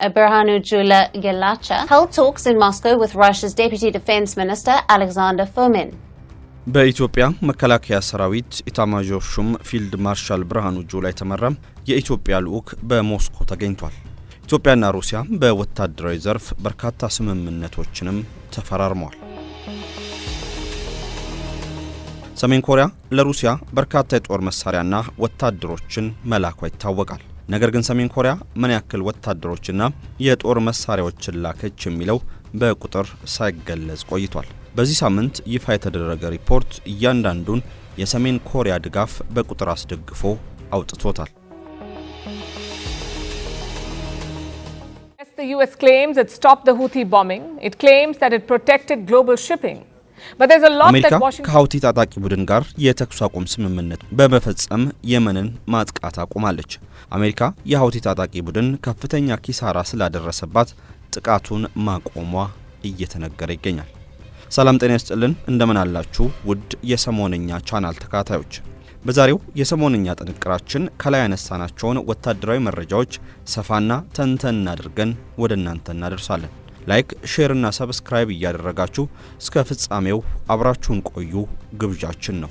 Berhanu Jula Gelacha held talks in Moscow with Russia's Deputy Defense Minister Alexander Fomin. በኢትዮጵያ መከላከያ ሰራዊት ኢታማዦር ሹም ፊልድ ማርሻል ብርሃኑ ጁላ የተመራ የኢትዮጵያ ልዑክ በሞስኮ ተገኝቷል። ኢትዮጵያና ሩሲያ በወታደራዊ ዘርፍ በርካታ ስምምነቶችንም ተፈራርመዋል። ሰሜን ኮሪያ ለሩሲያ በርካታ የጦር መሳሪያና ወታደሮችን መላኳ ይታወቃል። ነገር ግን ሰሜን ኮሪያ ምን ያክል ወታደሮችና የጦር መሳሪያዎችን ላከች የሚለው በቁጥር ሳይገለጽ ቆይቷል። በዚህ ሳምንት ይፋ የተደረገ ሪፖርት እያንዳንዱን የሰሜን ኮሪያ ድጋፍ በቁጥር አስደግፎ አውጥቶታል። The US claims it stopped the Houthi bombing. It claims that it protected global shipping. አሜሪካ ከሀውቲ ታጣቂ ቡድን ጋር የተኩስ አቁም ስምምነት በመፈጸም የመንን ማጥቃት አቁማለች። አሜሪካ የሀውቲ ታጣቂ ቡድን ከፍተኛ ኪሳራ ስላደረሰባት ጥቃቱን ማቆሟ እየተነገረ ይገኛል። ሰላም ጤና ይስጥልን፣ እንደምን አላችሁ ውድ የሰሞነኛ ቻናል ተከታታዮች። በዛሬው የሰሞነኛ ጥንቅራችን ከላይ ያነሳናቸውን ወታደራዊ መረጃዎች ሰፋና ተንተን አድርገን ወደ እናንተ እናደርሳለን። ላይክ፣ ሼር እና ሰብስክራይብ እያደረጋችሁ እስከ ፍጻሜው አብራችሁን ቆዩ ግብዣችን ነው።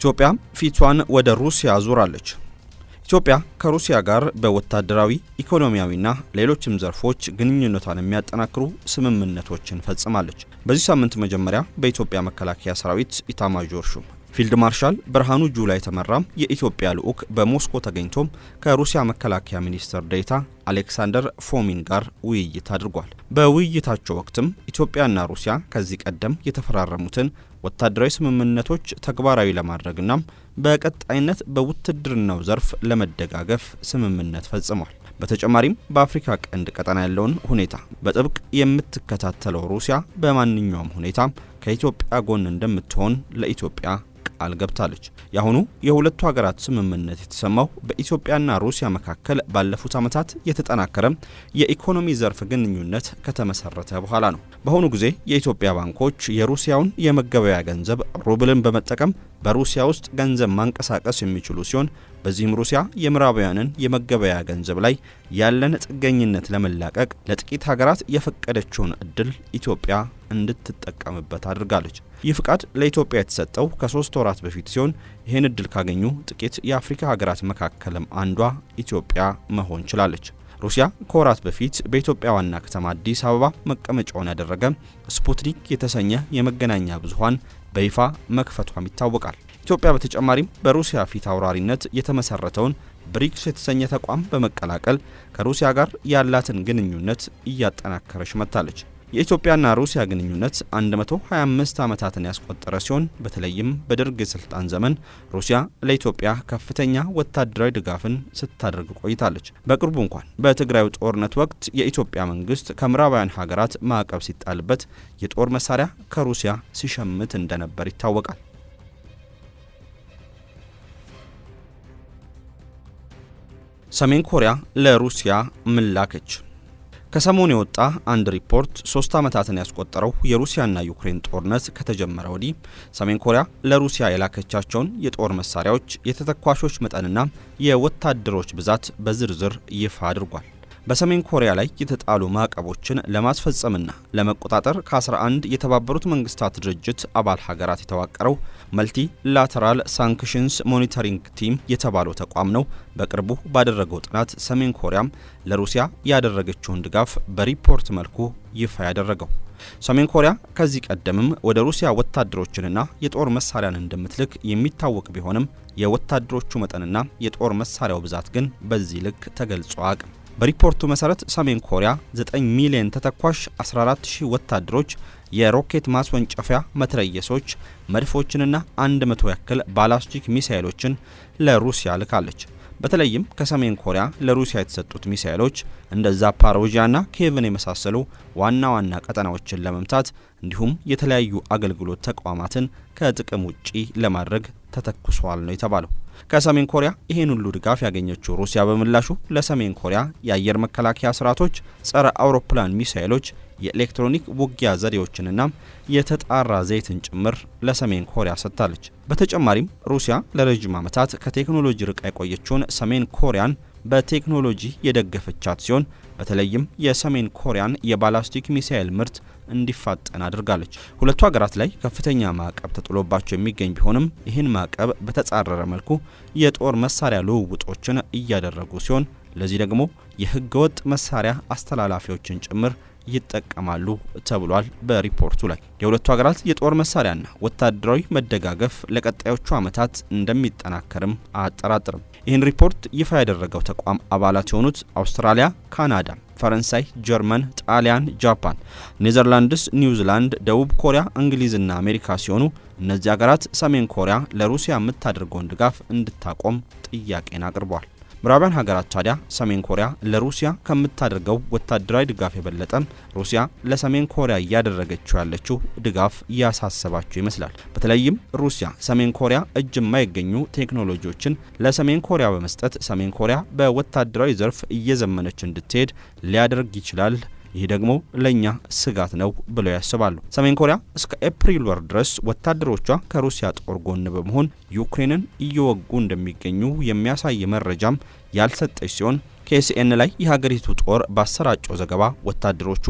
ኢትዮጵያ ፊቷን ወደ ሩሲያ ዙራለች። ኢትዮጵያ ከሩሲያ ጋር በወታደራዊ ኢኮኖሚያዊና ሌሎችም ዘርፎች ግንኙነቷን የሚያጠናክሩ ስምምነቶችን ፈጽማለች። በዚህ ሳምንት መጀመሪያ በኢትዮጵያ መከላከያ ሰራዊት ኢታማዦር ሹም ፊልድ ማርሻል ብርሃኑ ጁላ የተመራም የኢትዮጵያ ልዑክ በሞስኮ ተገኝቶም ከሩሲያ መከላከያ ሚኒስትር ዴታ አሌክሳንደር ፎሚን ጋር ውይይት አድርጓል። በውይይታቸው ወቅትም ኢትዮጵያና ሩሲያ ከዚህ ቀደም የተፈራረሙትን ወታደራዊ ስምምነቶች ተግባራዊ ለማድረግና በቀጣይነት በውትድርናው ዘርፍ ለመደጋገፍ ስምምነት ፈጽሟል። በተጨማሪም በአፍሪካ ቀንድ ቀጠና ያለውን ሁኔታ በጥብቅ የምትከታተለው ሩሲያ በማንኛውም ሁኔታ ከኢትዮጵያ ጎን እንደምትሆን ለኢትዮጵያ ቃል ገብታለች። የአሁኑ የሁለቱ ሀገራት ስምምነት የተሰማው በኢትዮጵያና ሩሲያ መካከል ባለፉት ዓመታት የተጠናከረ የኢኮኖሚ ዘርፍ ግንኙነት ከተመሰረተ በኋላ ነው። በአሁኑ ጊዜ የኢትዮጵያ ባንኮች የሩሲያውን የመገበያ ገንዘብ ሩብልን በመጠቀም በሩሲያ ውስጥ ገንዘብ ማንቀሳቀስ የሚችሉ ሲሆን በዚህም ሩሲያ የምዕራባውያንን የመገበያ ገንዘብ ላይ ያለን ጥገኝነት ለመላቀቅ ለጥቂት ሀገራት የፈቀደችውን እድል ኢትዮጵያ እንድትጠቀምበት አድርጋለች። ይህ ፍቃድ ለኢትዮጵያ የተሰጠው ከሶስት ወራት በፊት ሲሆን ይህን እድል ካገኙ ጥቂት የአፍሪካ ሀገራት መካከልም አንዷ ኢትዮጵያ መሆን ችላለች። ሩሲያ ከወራት በፊት በኢትዮጵያ ዋና ከተማ አዲስ አበባ መቀመጫውን ያደረገ ስፑትኒክ የተሰኘ የመገናኛ ብዙኃን በይፋ መክፈቷም ይታወቃል። ኢትዮጵያ በተጨማሪም በሩሲያ ፊት አውራሪነት የተመሰረተውን ብሪክስ የተሰኘ ተቋም በመቀላቀል ከሩሲያ ጋር ያላትን ግንኙነት እያጠናከረች መጥታለች። የኢትዮጵያና ሩሲያ ግንኙነት 125 ዓመታትን ያስቆጠረ ሲሆን በተለይም በደርግ የስልጣን ዘመን ሩሲያ ለኢትዮጵያ ከፍተኛ ወታደራዊ ድጋፍን ስታደርግ ቆይታለች። በቅርቡ እንኳን በትግራዩ ጦርነት ወቅት የኢትዮጵያ መንግስት ከምዕራባውያን ሀገራት ማዕቀብ ሲጣልበት የጦር መሳሪያ ከሩሲያ ሲሸምት እንደነበር ይታወቃል። ሰሜን ኮሪያ ለሩሲያ ምን ላከች? ከሰሞኑ የወጣ አንድ ሪፖርት ሶስት ዓመታትን ያስቆጠረው የሩሲያና ዩክሬን ጦርነት ከተጀመረ ወዲህ ሰሜን ኮሪያ ለሩሲያ የላከቻቸውን የጦር መሳሪያዎች፣ የተተኳሾች መጠንና የወታደሮች ብዛት በዝርዝር ይፋ አድርጓል። በሰሜን ኮሪያ ላይ የተጣሉ ማዕቀቦችን ለማስፈጸምና ለመቆጣጠር ከ11 የተባበሩት መንግስታት ድርጅት አባል ሀገራት የተዋቀረው መልቲ ላተራል ሳንክሽንስ ሞኒተሪንግ ቲም የተባለው ተቋም ነው በቅርቡ ባደረገው ጥናት ሰሜን ኮሪያም ለሩሲያ ያደረገችውን ድጋፍ በሪፖርት መልኩ ይፋ ያደረገው። ሰሜን ኮሪያ ከዚህ ቀደምም ወደ ሩሲያ ወታደሮችንና የጦር መሳሪያን እንደምትልክ የሚታወቅ ቢሆንም የወታደሮቹ መጠንና የጦር መሳሪያው ብዛት ግን በዚህ ልክ ተገልጾ አቅም በሪፖርቱ መሰረት ሰሜን ኮሪያ 9 ሚሊዮን ተተኳሽ 14000 ወታደሮች፣ የሮኬት ማስወንጨፊያ መትረየሶች፣ መድፎችንና 100 ያክል ባላስቲክ ሚሳኤሎችን ለሩሲያ ልካለች። በተለይም ከሰሜን ኮሪያ ለሩሲያ የተሰጡት ሚሳኤሎች እንደ ዛፓሮጂያና ኬቭን የመሳሰሉ ዋና ዋና ቀጠናዎችን ለመምታት እንዲሁም የተለያዩ አገልግሎት ተቋማትን ከጥቅም ውጪ ለማድረግ ተተኩሷል ነው የተባለው። ከሰሜን ኮሪያ ይህን ሁሉ ድጋፍ ያገኘችው ሩሲያ በምላሹ ለሰሜን ኮሪያ የአየር መከላከያ ስርዓቶች፣ ጸረ አውሮፕላን ሚሳይሎች፣ የኤሌክትሮኒክ ውጊያ ዘዴዎችንና የተጣራ ዘይትን ጭምር ለሰሜን ኮሪያ ሰጥታለች። በተጨማሪም ሩሲያ ለረዥም ዓመታት ከቴክኖሎጂ ርቃ የቆየችውን ሰሜን ኮሪያን በቴክኖሎጂ የደገፈቻት ሲሆን በተለይም የሰሜን ኮሪያን የባላስቲክ ሚሳኤል ምርት እንዲፋጠን አድርጋለች። ሁለቱ ሀገራት ላይ ከፍተኛ ማዕቀብ ተጥሎባቸው የሚገኝ ቢሆንም ይህን ማዕቀብ በተጻረረ መልኩ የጦር መሳሪያ ልውውጦችን እያደረጉ ሲሆን ለዚህ ደግሞ የህገወጥ መሳሪያ አስተላላፊዎችን ጭምር ይጠቀማሉ ተብሏል። በሪፖርቱ ላይ የሁለቱ ሀገራት የጦር መሳሪያና ወታደራዊ መደጋገፍ ለቀጣዮቹ ዓመታት እንደሚጠናከርም አያጠራጥርም። ይህን ሪፖርት ይፋ ያደረገው ተቋም አባላት የሆኑት አውስትራሊያ፣ ካናዳ፣ ፈረንሳይ፣ ጀርመን፣ ጣሊያን፣ ጃፓን፣ ኔዘርላንድስ፣ ኒውዚላንድ፣ ደቡብ ኮሪያ፣ እንግሊዝና አሜሪካ ሲሆኑ እነዚህ ሀገራት ሰሜን ኮሪያ ለሩሲያ የምታደርገውን ድጋፍ እንድታቆም ጥያቄን አቅርቧል። ምዕራባውያን ሀገራት ታዲያ ሰሜን ኮሪያ ለሩሲያ ከምታደርገው ወታደራዊ ድጋፍ የበለጠ ሩሲያ ለሰሜን ኮሪያ እያደረገችው ያለችው ድጋፍ እያሳሰባቸው ይመስላል። በተለይም ሩሲያ ሰሜን ኮሪያ እጅ የማይገኙ ቴክኖሎጂዎችን ለሰሜን ኮሪያ በመስጠት ሰሜን ኮሪያ በወታደራዊ ዘርፍ እየዘመነች እንድትሄድ ሊያደርግ ይችላል ይህ ደግሞ ለእኛ ስጋት ነው ብለው ያስባሉ። ሰሜን ኮሪያ እስከ ኤፕሪል ወር ድረስ ወታደሮቿ ከሩሲያ ጦር ጎን በመሆን ዩክሬንን እየወጉ እንደሚገኙ የሚያሳይ መረጃም ያልሰጠች ሲሆን ኬሲኤን ላይ የሀገሪቱ ጦር ባሰራጨው ዘገባ ወታደሮቹ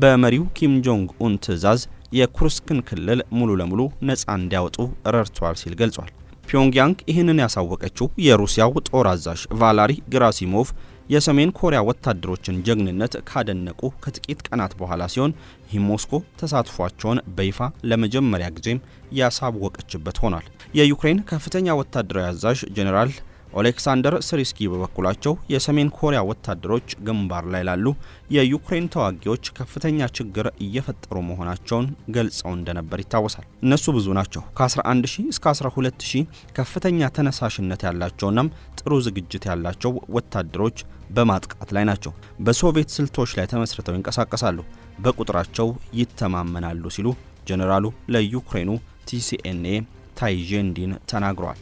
በመሪው ኪም ጆንግ ኡን ትዕዛዝ የኩርስክን ክልል ሙሉ ለሙሉ ነፃ እንዲያወጡ ረድቷል ሲል ገልጿል። ፒዮንግያንግ ይህንን ያሳወቀችው የሩሲያው ጦር አዛዥ ቫላሪ ግራሲሞቭ የሰሜን ኮሪያ ወታደሮችን ጀግንነት ካደነቁ ከጥቂት ቀናት በኋላ ሲሆን ይህ ሞስኮ ተሳትፏቸውን በይፋ ለመጀመሪያ ጊዜም ያሳወቀችበት ሆኗል። የዩክሬን ከፍተኛ ወታደራዊ አዛዥ ጄኔራል ኦሌክሳንደር ስሪስኪ በበኩላቸው የሰሜን ኮሪያ ወታደሮች ግንባር ላይ ላሉ የዩክሬን ተዋጊዎች ከፍተኛ ችግር እየፈጠሩ መሆናቸውን ገልጸው እንደነበር ይታወሳል። እነሱ ብዙ ናቸው፣ ከ11000 እስከ ሺህ ከፍተኛ ተነሳሽነት ያላቸውና ጥሩ ዝግጅት ያላቸው ወታደሮች በማጥቃት ላይ ናቸው። በሶቪየት ስልቶች ላይ ተመስርተው ይንቀሳቀሳሉ፣ በቁጥራቸው ይተማመናሉ ሲሉ ጄኔራሉ ለዩክሬኑ ቲሲኤንኤ ታይዤንዲን ተናግረዋል።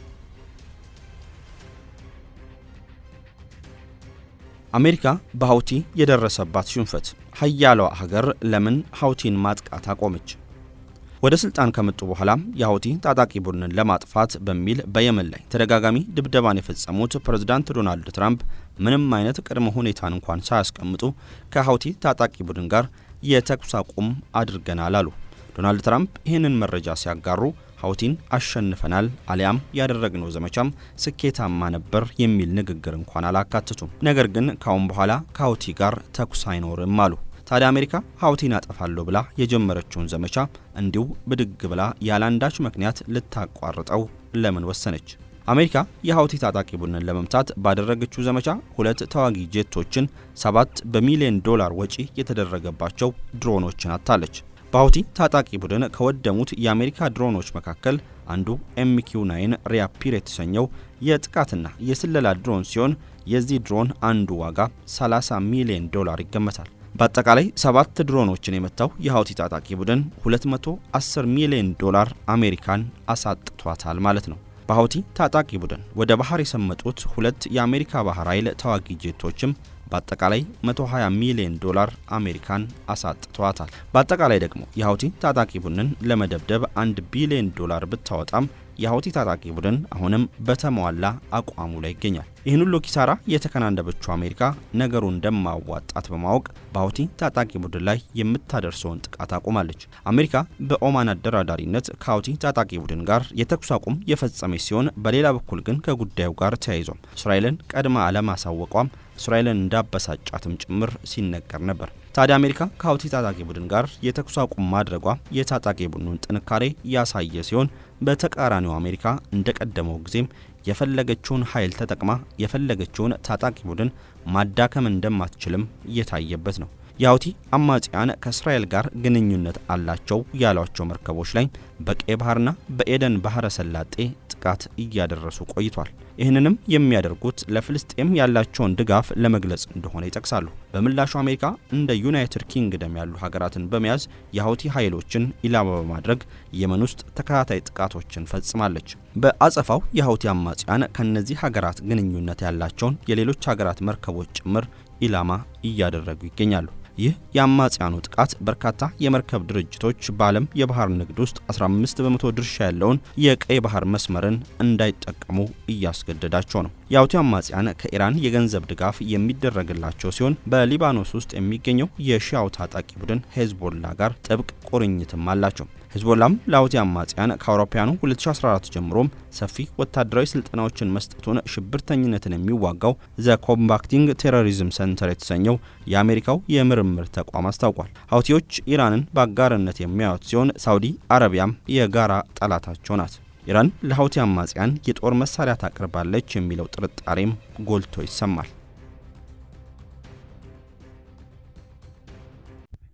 አሜሪካ በሀውቲ የደረሰባት ሽንፈት ሀያሏ ሀገር ለምን ሀውቲን ማጥቃት አቆመች? ወደ ስልጣን ከመጡ በኋላ የሀውቲ ታጣቂ ቡድንን ለማጥፋት በሚል በየመን ላይ ተደጋጋሚ ድብደባን የፈጸሙት ፕሬዝዳንት ዶናልድ ትራምፕ ምንም አይነት ቅድመ ሁኔታን እንኳን ሳያስቀምጡ ከሀውቲ ታጣቂ ቡድን ጋር የተኩስ አቁም አድርገናል አሉ። ዶናልድ ትራምፕ ይህንን መረጃ ሲያጋሩ ሀውቲን አሸንፈናል አሊያም ያደረግነው ዘመቻም ስኬታማ ነበር የሚል ንግግር እንኳን አላካትቱም። ነገር ግን ካሁን በኋላ ከሀውቲ ጋር ተኩስ አይኖርም አሉ። ታዲያ አሜሪካ ሀውቲን አጠፋለሁ ብላ የጀመረችውን ዘመቻ እንዲሁ ብድግ ብላ ያላንዳች ምክንያት ልታቋርጠው ለምን ወሰነች? አሜሪካ የሀውቲ ታጣቂ ቡድንን ለመምታት ባደረገችው ዘመቻ ሁለት ተዋጊ ጄቶችን ሰባት በሚሊዮን ዶላር ወጪ የተደረገባቸው ድሮኖችን አታለች። በሁቲ ታጣቂ ቡድን ከወደሙት የአሜሪካ ድሮኖች መካከል አንዱ ኤምኪው ናይን ሪያፒር የተሰኘው የጥቃትና የስለላ ድሮን ሲሆን የዚህ ድሮን አንዱ ዋጋ 30 ሚሊዮን ዶላር ይገመታል። በአጠቃላይ ሰባት ድሮኖችን የመታው የሀውቲ ታጣቂ ቡድን 210 ሚሊዮን ዶላር አሜሪካን አሳጥቷታል ማለት ነው። በሀውቲ ታጣቂ ቡድን ወደ ባህር የሰመጡት ሁለት የአሜሪካ ባህር ኃይል ተዋጊ ጄቶችም በአጠቃላይ 120 ሚሊዮን ዶላር አሜሪካን አሳጥቷታል። በአጠቃላይ ደግሞ የሀውቲ ታጣቂ ቡድንን ለመደብደብ 1 ቢሊዮን ዶላር ብታወጣም የሀውቲ ታጣቂ ቡድን አሁንም በተሟላ አቋሙ ላይ ይገኛል። ይህን ሁሉ ኪሳራ የተከናነበችው አሜሪካ ነገሩ እንደማዋጣት በማወቅ በሀውቲ ታጣቂ ቡድን ላይ የምታደርሰውን ጥቃት አቁማለች። አሜሪካ በኦማን አደራዳሪነት ከሀውቲ ታጣቂ ቡድን ጋር የተኩስ አቁም የፈጸመች ሲሆን፣ በሌላ በኩል ግን ከጉዳዩ ጋር ተያይዟል እስራኤልን ቀድማ አለማሳወቋም እስራኤልን እንዳበሳጫትም ጭምር ሲነገር ነበር። ታዲያ አሜሪካ ከሀውቲ ታጣቂ ቡድን ጋር የተኩስ አቁም ማድረጓ የታጣቂ ቡድኑን ጥንካሬ ያሳየ ሲሆን፣ በተቃራኒው አሜሪካ እንደቀደመው ጊዜም የፈለገችውን ኃይል ተጠቅማ የፈለገችውን ታጣቂ ቡድን ማዳከም እንደማትችልም እየታየበት ነው። የሀውቲ አማጽያን ከእስራኤል ጋር ግንኙነት አላቸው ያሏቸው መርከቦች ላይ በቀይ ባህርና በኤደን ባህረ ሰላጤ ጥቃት እያደረሱ ቆይቷል። ይህንንም የሚያደርጉት ለፍልስጤም ያላቸውን ድጋፍ ለመግለጽ እንደሆነ ይጠቅሳሉ። በምላሹ አሜሪካ እንደ ዩናይትድ ኪንግደም ያሉ ሀገራትን በመያዝ የሀውቲ ኃይሎችን ኢላማ በማድረግ የመን ውስጥ ተከታታይ ጥቃቶችን ፈጽማለች። በአጸፋው የሀውቲ አማጽያን ከእነዚህ ሀገራት ግንኙነት ያላቸውን የሌሎች ሀገራት መርከቦች ጭምር ኢላማ እያደረጉ ይገኛሉ። ይህ የአማጽያኑ ጥቃት በርካታ የመርከብ ድርጅቶች በዓለም የባህር ንግድ ውስጥ 15 በመቶ ድርሻ ያለውን የቀይ ባህር መስመርን እንዳይጠቀሙ እያስገደዳቸው ነው። የሁቲ አማጽያን ከኢራን የገንዘብ ድጋፍ የሚደረግላቸው ሲሆን በሊባኖስ ውስጥ የሚገኘው የሺያው ታጣቂ ቡድን ሄዝቦላ ጋር ጥብቅ ቁርኝትም አላቸው። ህዝቦላም ለሁቲ አማጽያን ከአውሮፓውያኑ 2014 ጀምሮም ሰፊ ወታደራዊ ስልጠናዎችን መስጠቱን ሽብርተኝነትን የሚዋጋው ዘ ኮምባክቲንግ ቴሮሪዝም ሰንተር የተሰኘው የአሜሪካው የምርምር ተቋም አስታውቋል። ሁቲዎች ኢራንን በአጋርነት የሚያዩት ሲሆን ሳውዲ አረቢያም የጋራ ጠላታቸው ናት። ኢራን ለሀውቲ አማጽያን የጦር መሳሪያ ታቀርባለች የሚለው ጥርጣሬም ጎልቶ ይሰማል።